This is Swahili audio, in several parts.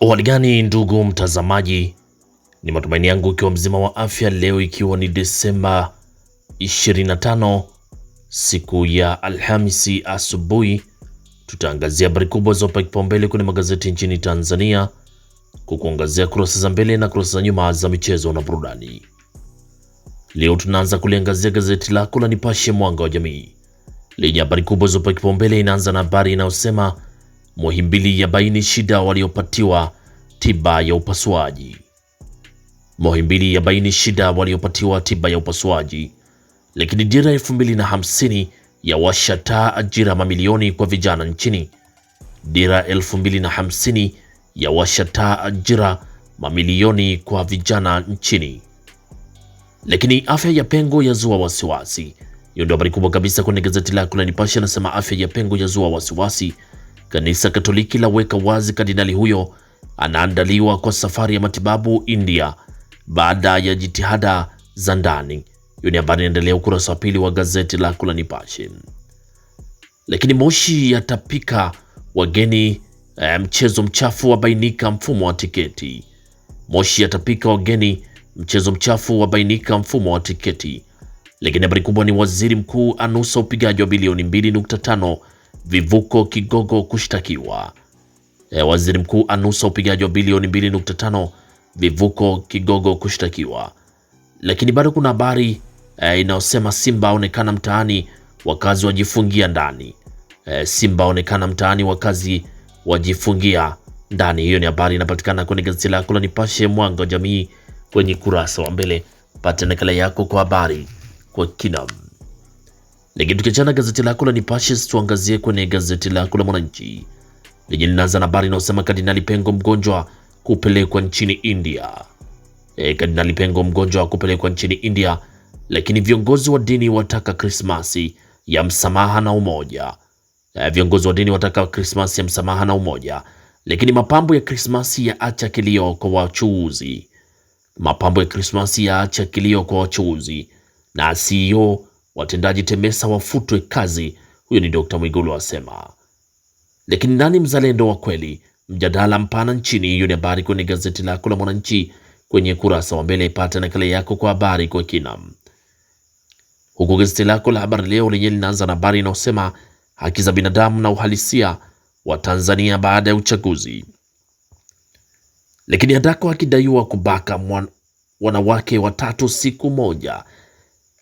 Hali gani ndugu mtazamaji, ni matumaini yangu ikiwa mzima wa afya. Leo ikiwa ni Desemba 25 siku ya Alhamisi asubuhi, tutaangazia habari kubwa zopa kipaumbele kwenye magazeti nchini Tanzania, kukuangazia kurasa za mbele na kurasa za nyuma za michezo na burudani. Leo tunaanza kuliangazia gazeti lako la Nipashe Mwanga wa Jamii lenye habari kubwa zopa kipaumbele. Inaanza na habari inayosema Muhimbili yabaini shida waliopatiwa tiba ya upasuaji. Muhimbili yabaini shida waliopatiwa tiba ya upasuaji. Lakini dira elfu mbili na hamsini ya washataa ajira mamilioni kwa vijana nchini. Dira elfu mbili na hamsini ya washataa ajira mamilioni kwa vijana nchini. Lakini afya ya pengo ya zua wasiwasi. Hiyo ndio habari kubwa kabisa kwenye gazeti lako la Nipashe, anasema afya ya pengo ya zua wasiwasi. Kanisa Katoliki laweka wazi kardinali huyo anaandaliwa kwa safari ya matibabu India baada ya jitihada za ndani. Hiyo ni habari inaendelea ukurasa wa pili wa gazeti lako la Nipashe. Lakini Moshi yatapika wageni eh, mchezo mchafu wabainika mfumo wa tiketi. Moshi yatapika wageni mchezo mchafu wabainika mfumo wa tiketi. Lakini habari kubwa ni waziri mkuu anusa upigaji wa bilioni 2.5 vivuko Kigogo kushtakiwa. E, waziri mkuu anusa upigaji wa bilioni 2.5 vivuko Kigogo kushtakiwa. Lakini bado kuna habari e, inayosema Simba aonekana mtaani wakazi wajifungia ndani. E, Simba aonekana mtaani wakazi wajifungia ndani. Hiyo ni habari inapatikana kwenye gazeti lako la Nipashe mwanga wa jamii kwenye kurasa wa mbele. Pata nakala yako kwa habari kwa kina. Nikitukichana gazeti lako la Nipashe, tuangazie kwenye gazeti lako la Mwananchi lenye linaanza na habari inayosema Kardinali Pengo mgonjwa kupelekwa nchini India. E, Kardinali Pengo mgonjwa kupelekwa nchini India, lakini viongozi wa dini wataka Krismasi ya msamaha na umoja. E, viongozi wa dini wataka Krismasi ya msamaha na umoja, lakini mapambo ya Krismasi ya acha kilio kwa wachuuzi. Mapambo ya Krismasi ya acha kilio kwa wachuuzi na CEO watendaji TEMESA wafutwe kazi. Huyo ni Dr. Mwigulu asema. Lakini nani mzalendo wa kweli? Mjadala mpana nchini. Hiyo ni habari kwenye gazeti lako la Mwananchi kwenye kurasa wa mbele, ipate nakala yako kwa habari kwa kina. Huku gazeti lako la Habari Leo lenyewe linaanza na habari inayosema haki za binadamu na uhalisia wa Tanzania baada ya uchaguzi. Lakini Handako akidaiwa kubaka mwan, wanawake watatu siku moja.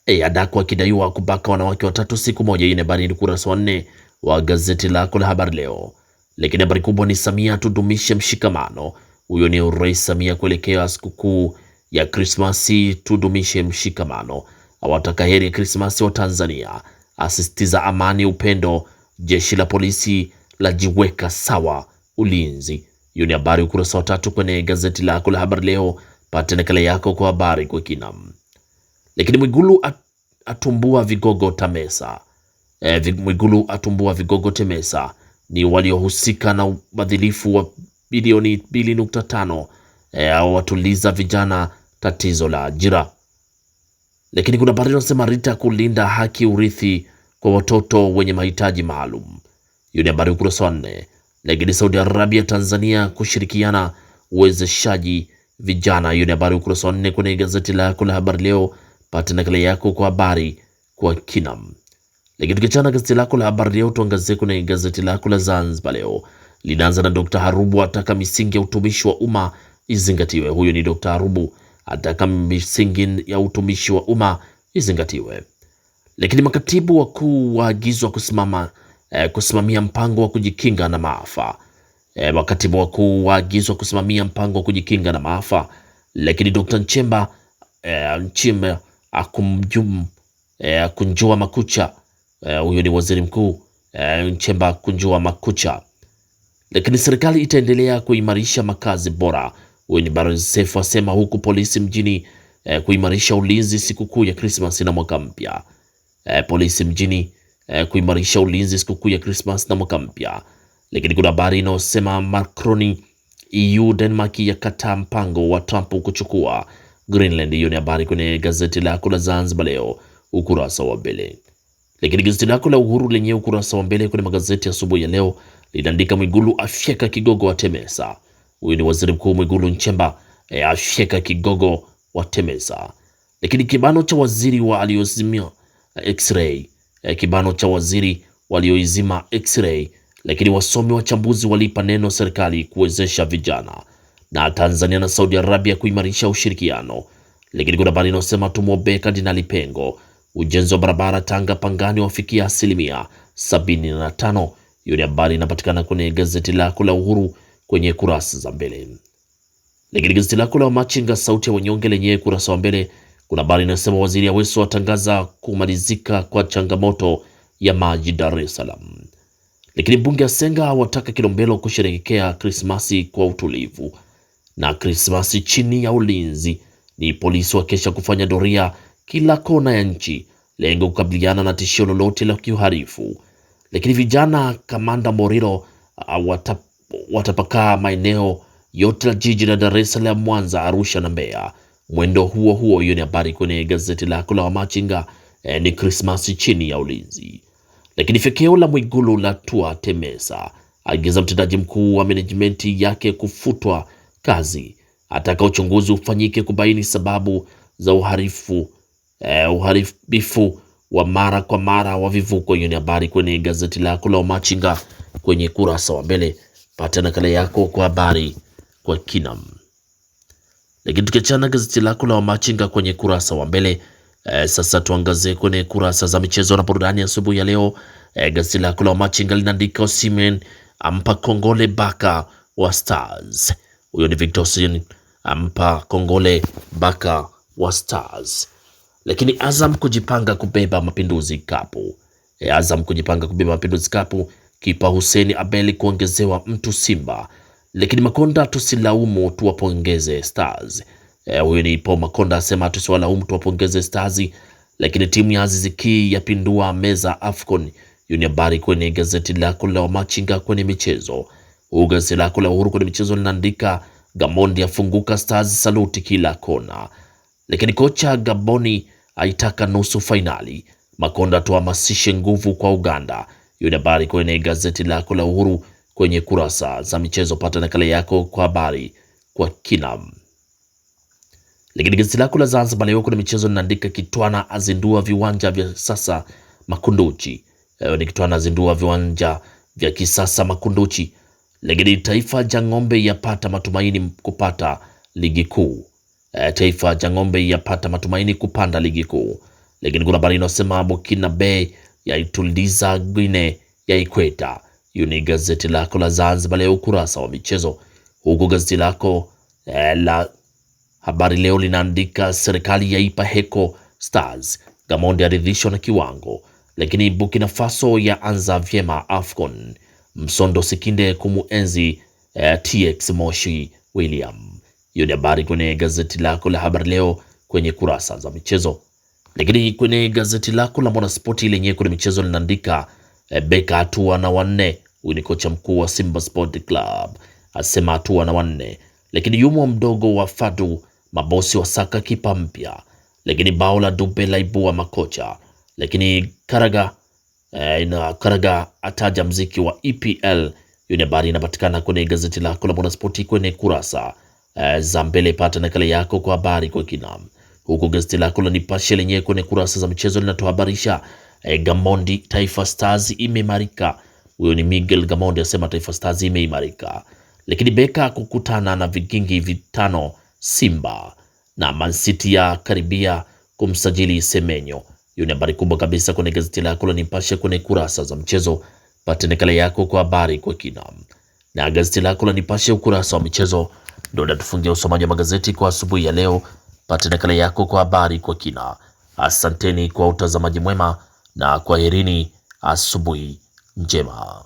E, Adako akidaiwa kubaka wanawake watatu siku moja. Hii ni habari ni ukurasa wa nne wa gazeti lako la habari leo, lakini habari kubwa ni Samia, tudumishe mshikamano. Huyo ni Rais Samia kuelekea sikukuu ya Krismasi, tudumishe mshikamano. Awataka heri ya Krismasi wa Tanzania, asisitiza amani, upendo. Jeshi la polisi lajiweka sawa ulinzi. Hiyo ni habari ukurasa wa tatu kwenye gazeti lako la habari leo. Pate nakala yako kwa habari kwa kinam lakini eh, Mwigulu atumbua vigogo Tamesa. E, Mwigulu atumbua vigogo Temesa ni waliohusika na ubadhilifu wa bilioni 2.5 e, eh, au watuliza vijana tatizo la ajira. Lakini kuna habari inasema Rita kulinda haki urithi kwa watoto wenye mahitaji maalum. Hiyo ni habari ukurasa wa nne. Lakini Saudi Arabia, Tanzania kushirikiana uwezeshaji vijana. Hiyo ni habari ukurasa wa nne kwenye gazeti lako la habari leo Pata nakala yako kwa habari kwa kina. Lakini tukichana gazeti lako la habari leo, tuangazie kwenye gazeti lako la Zanzibar leo linaanza na Dr. Harubu ataka misingi ya utumishi wa umma izingatiwe. Huyo ni Dr. Harubu ataka misingi ya utumishi wa umma izingatiwe. Lakini makatibu wakuu waagizwa kusimama eh, kusimamia mpango wa kujikinga na maafa eh, makatibu wakuu waagizwa kusimamia mpango wa kujikinga na maafa. Lakini Dr. Nchemba eh, Nchemba Akumjum eh, eh, kunjua makucha eh, huyo eh, ni waziri mkuu eh, Nchemba kunjua makucha. Lakini serikali itaendelea kuimarisha makazi bora, huyo ni Barsefu asema, huku polisi mjini eh, kuimarisha ulinzi sikukuu ya Krismas na mwaka mpya. eh, polisi mjini eh, kuimarisha ulinzi sikukuu ya Krismas na mwaka mpya. Lakini kuna habari inayosema Macroni, EU Denmark yakataa mpango wa Trump kuchukua Greenland. Hiyo ni habari kwenye gazeti lako la Zanzibar Leo ukurasa wa mbele. Lakini gazeti lako la Uhuru lenye ukurasa wa mbele kwenye magazeti asubuhi ya, ya leo linaandika Mwigulu afyeka kigogo wa Temesa. Huyu ni waziri mkuu Mwigulu Nchemba e, afyeka kigogo wa Temesa. Lakini kibano cha waziri wa aliozimia eh, x-ray e, kibano cha waziri walioizima x-ray. Lakini wasomi wachambuzi walipa neno serikali kuwezesha vijana na Tanzania na Saudi Arabia kuimarisha ushirikiano. Lakini kuna habari inayosema tumwombee Kardinali Pengo, ujenzi wa barabara Tanga Pangani wafikia asilimia 75. Hiyo ni habari inapatikana kwenye gazeti lako la Uhuru kwenye kurasa za mbele. Lakini gazeti lako la Machinga sauti ya wanyonge lenye kurasa wa mbele kuna habari inayosema waziri Aweso atangaza kumalizika kwa changamoto ya maji Dar es Salaam. Lakini mbunge Asenga wataka Kilombero kusherehekea Krismasi kwa utulivu na Krismasi chini ya ulinzi, ni polisi wakesha kufanya doria kila kona ya nchi, lengo kukabiliana na tishio lolote la kiuharifu Lakini vijana kamanda Moriro uh, watap, watapakaa maeneo yote la jiji la Dar es Salaam, Mwanza, Arusha na Mbeya. Mwendo huo huo. Hiyo ni habari kwenye gazeti lako la Wamachinga eh, ni Krismasi chini ya ulinzi. Lakini fekeo la Mwigulu la tua Temesa, agiza mtendaji mkuu wa menejimenti yake kufutwa kazi. Ataka uchunguzi ufanyike kubaini sababu za uharifu, eh, uharibifu wa mara kwa mara wa vivuko. Hiyo ni habari kwenye gazeti lako la Machinga kwenye kurasa wa mbele. Pata nakala yako kwa habari kwa kinam. Lakini tukiachana gazeti lako la Machinga kwenye kurasa wa mbele eh, sasa tuangazie kwenye kurasa za michezo na burudani asubuhi ya, leo eh, gazeti lako la Machinga linaandika Osimhen ampa kongole baka wa Stars huyo ni Victor Sin ampa kongole baka wa Stars. Lakini Azam kujipanga kubeba Mapinduzi Kapu. E, eh, Azam kujipanga kubeba Mapinduzi Kapu. Kipa Hussein Abeli kuongezewa mtu Simba. Lakini Makonda tusilaumu tuwapongeze Stars. E, huyo ni Paul Makonda asema tusiwalaumu tuwapongeze Stars. Lakini timu ya Aziz Ki yapindua meza AFCON. Hiyo ni habari kwenye gazeti lako la Machinga kwenye michezo. Gazeti lako la Uhuru kwenye michezo linaandika Gamondi afunguka Stars saluti kila kona, lakini kocha Gaboni aitaka nusu fainali. Makonda tuhamasishe nguvu kwa Uganda. Hiyo ni habari kwenye gazeti lako la Uhuru kwenye kurasa za michezo. Pata nakala yako kwa habari kwa kina. Lakini gazeti lako la Zanzibar Leo kuna michezo linaandika Kitwana azindua viwanja vya sasa Makunduchi. Ni Kitwana azindua viwanja vya kisasa Makunduchi. Lakini Taifa ng'ombe yapata matumaini kupata ligi kuu. E, Taifa ng'ombe yapata matumaini kupanda ligi kuu. Lakini kuna habari inayosema Burkinabe yaituliza Guinea ya Ikweta. Hiyo ni gazeti lako la Zanzibar Leo, ukurasa wa michezo, huku gazeti lako e, la Habari Leo linaandika serikali yaipa heko Stars, Gamondi aridhishwa na kiwango. Lakini Burkina Faso yaanza vyema AFCON. Msondo Sikinde kumuenzi eh, TX Moshi William. Hiyo ni habari kwenye gazeti lako la habari leo kwenye kurasa za michezo, lakini kwenye gazeti lako la Mwanaspoti lenyewe kwenye michezo linaandika eh, beka hatua na wanne. Huyu ni kocha mkuu wa Simba Sport Club asema hatua na wanne, lakini yumo mdogo wa Fadu mabosi wa saka kipa mpya, lakini bao la Dube laibua makocha, lakini Karaga eh, Karaga ataja mziki wa EPL. Hiyo ni habari inapatikana kwenye gazeti lako la Mwanaspoti kwenye kurasa eh, za mbele. Pata nakala yako kwa habari kwa kina. Huku gazeti lako la Nipashe lenyewe kwenye kurasa za michezo linatuhabarisha eh, Gamondi, Taifa Stars imeimarika. Huyo ni Miguel Gamondi asema Taifa Stars imeimarika, lakini beka kukutana na vigingi vitano Simba na Man City ya karibia kumsajili Semenyo. Hiyo ni habari kubwa kabisa kwenye gazeti lako la Nipashe kwenye kurasa za mchezo. Pate nakala yako kwa habari kwa kina. Na gazeti lako la Nipashe ukurasa wa michezo ndio unatufungia usomaji wa magazeti kwa asubuhi ya leo. Pate nakala yako kwa habari kwa kina. Asanteni kwa utazamaji mwema na kwaherini, asubuhi njema.